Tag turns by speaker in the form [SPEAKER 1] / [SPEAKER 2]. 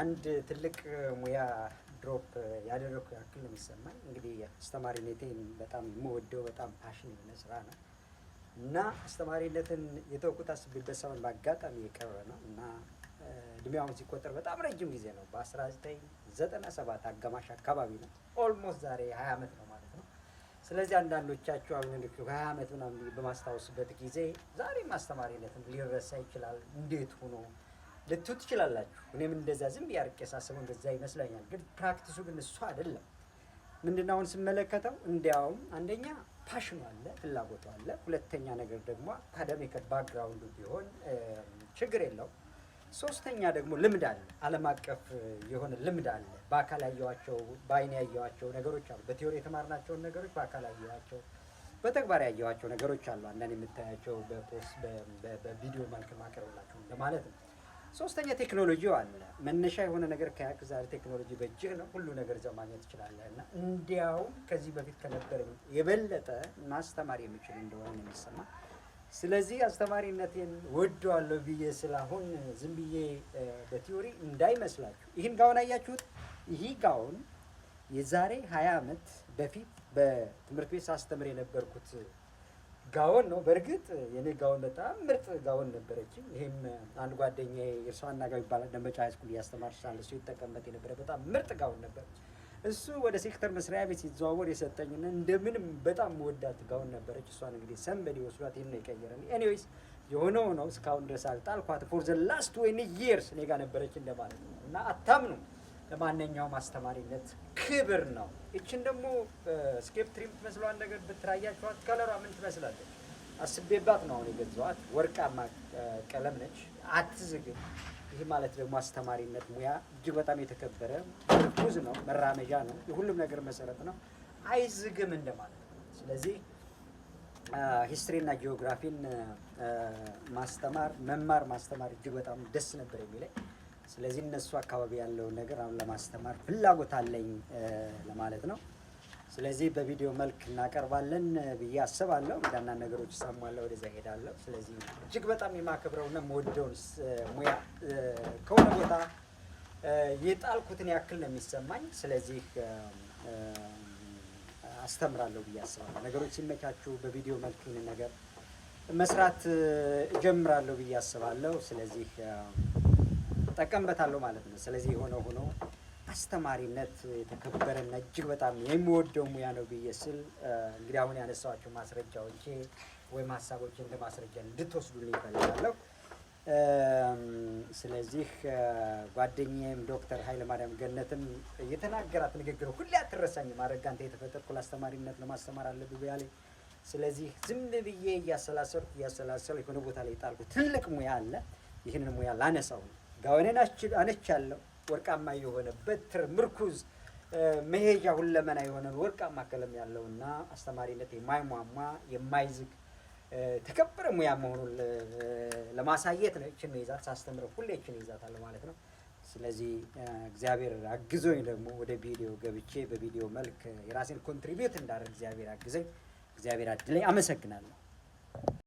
[SPEAKER 1] አንድ ትልቅ ሙያ ድሮፕ ያደረኩ ያክል ነው የሚሰማኝ። እንግዲህ አስተማሪነቴን በጣም የምወደው በጣም ፓሽን የሆነ ስራ ነው እና አስተማሪነትን የተውኩት አስቤበት ሳይሆን በአጋጣሚ የቀረ ነው እና እድሜውን ሲቆጠር በጣም ረጅም ጊዜ ነው። በ1997 አጋማሽ አካባቢ ነው። ኦልሞስት ዛሬ 20 ዓመት ነው ማለት ነው። ስለዚህ አንዳንዶቻችሁ አሁን ሀያ ዓመት ምናምን በማስታወስበት ጊዜ ዛሬም አስተማሪነትን ሊረሳ ይችላል። እንዴት ሆኖ ልትው ትችላላችሁ። እኔም እንደዛ ዝም ያርቅ አርቄ እንደዛ ይመስለኛል። ግን ፕራክቲሱ ግን እሱ አይደለም። ምንድን አሁን ስመለከተው እንዲያውም አንደኛ ፓሽኑ አለ፣ ፍላጎቱ አለ። ሁለተኛ ነገር ደግሞ አካዳሚክ ባክግራውንዱ ቢሆን ችግር የለው። ሶስተኛ ደግሞ ልምድ አለ፣ አለም አቀፍ የሆነ ልምድ አለ። በአካል ያየዋቸው በአይን ያየዋቸው ነገሮች አሉ። በቲዮሪ የተማርናቸውን ነገሮች በአካል ያየዋቸው በተግባር ያየዋቸው ነገሮች አሉ። አንዳንድ የምታያቸው በፖስት በቪዲዮ መልክ ማቅረብላቸው ለማለት ነው። ሶስተኛ ቴክኖሎጂው አለ። መነሻ የሆነ ነገር ከያክ ዛሬ ቴክኖሎጂ በእጅህ ነው፣ ሁሉ ነገር እዛው ማግኘት ትችላለህ። እና እንዲያውም ከዚህ በፊት ከነበረኝ የበለጠ ማስተማር የሚችል እንደሆነ ነው የሚሰማ። ስለዚህ አስተማሪነቴን ወደዋለሁ ብዬ ስላሁን ዝም ብዬ በቲዮሪ እንዳይመስላችሁ። ይህን ጋውን አያችሁት? ይህ ጋውን የዛሬ ሀያ ዓመት በፊት በትምህርት ቤት ሳስተምር የነበርኩት ጋወን ነው። በእርግጥ የኔ ጋወን በጣም ምርጥ ጋወን ነበረች። ይህም አንድ ጓደኛዬ የእርሷ አናጋዊ ይባላል ደንበጫ ሃይስኩል እያስተማር ሳለ እሱ ይጠቀምበት የነበረ በጣም ምርጥ ጋወን ነበር። እሱ ወደ ሴክተር መስሪያ ቤት ሲዘዋወር የሰጠኝና እንደምንም በጣም ወዳት ጋውን ነበረች። እሷን እንግዲህ ሰንበዴ ወስዷት ይህን ነው የቀየረን። ኤኒዌይስ የሆነ ነው። እስካሁን ድረስ አልጣልኳት። ፎር ዘ ላስት ወይን ይርስ እኔ ጋ ነበረች እንደማለት ነው እና አታምኑም ለማንኛውም አስተማሪነት ክብር ነው። ይችን ደግሞ ስኬፕ ትሪም ትመስለዋል ነገር ብትራያችኋት ከለሯ ምን ትመስላለች? አስቤባት ነው አሁን የገዘዋት ወርቃማ ቀለም ነች፣ አትዝግም። ይህ ማለት ደግሞ አስተማሪነት ሙያ እጅግ በጣም የተከበረ ጉዝ ነው፣ መራመጃ ነው፣ የሁሉም ነገር መሰረት ነው። አይዝግም እንደማለት ነው። ስለዚህ ሂስትሪ እና ጂኦግራፊን ማስተማር መማር ማስተማር እጅግ በጣም ደስ ነበር የሚለኝ ስለዚህ እነሱ አካባቢ ያለውን ነገር አሁን ለማስተማር ፍላጎት አለኝ ለማለት ነው። ስለዚህ በቪዲዮ መልክ እናቀርባለን ብዬ አስባለሁ። እንዳና ነገሮች ሰማለሁ፣ ወደዛ ሄዳለሁ። ስለዚህ እጅግ በጣም የማከብረውና የምወደውን ሙያ ከሆነ ቦታ የጣልኩትን ያክል ነው የሚሰማኝ። ስለዚህ አስተምራለሁ ብዬ አስባለሁ። ነገሮች ሲመቻችሁ በቪዲዮ መልክ ይህንን ነገር መስራት እጀምራለሁ ብዬ አስባለሁ። ስለዚህ እጠቀምበታለሁ ማለት ነው። ስለዚህ የሆነ ሆኖ አስተማሪነት የተከበረና እጅግ በጣም የሚወደው ሙያ ነው ብዬ ስል እንግዲህ አሁን ያነሳዋቸው ማስረጃዎቼ ወይም ሀሳቦች እንደ ማስረጃ እንድትወስዱልኝ ይፈልጋለሁ። ስለዚህ ጓደኛዬም ዶክተር ኃይለማርያም ገነትም የተናገራት ንግግር ሁሌ አትረሳኝም። ማድረግ አንተ የተፈጠርኩ ለአስተማሪነት ለማስተማር አለብህ ብያለኝ። ስለዚህ ዝም ብዬ እያሰላሰልኩ እያሰላሰልኩ የሆነ ቦታ ላይ ጣልኩ። ትልቅ ሙያ አለ። ይህንን ሙያ ላነሳው ነው ጋወኔን አነቻለሁ። ወርቃማ የሆነ በትር ምርኩዝ መሄጃ ሁለመና የሆነን ወርቃማ ቀለም ያለውና አስተማሪነት የማይሟሟ የማይዝግ ተከበረ ሙያ መሆኑን ለማሳየት ነው። እችን ይዛት ሳስተምረው ሁሌ እችን ይዛታለሁ ማለት ነው። ስለዚህ እግዚአብሔር አግዞኝ ደግሞ ወደ ቪዲዮ ገብቼ በቪዲዮ መልክ የራሴን ኮንትሪቢዩት እንዳደርግ እግዚአብሔር አግዘኝ፣ እግዚአብሔር አድለኝ። አመሰግናለሁ።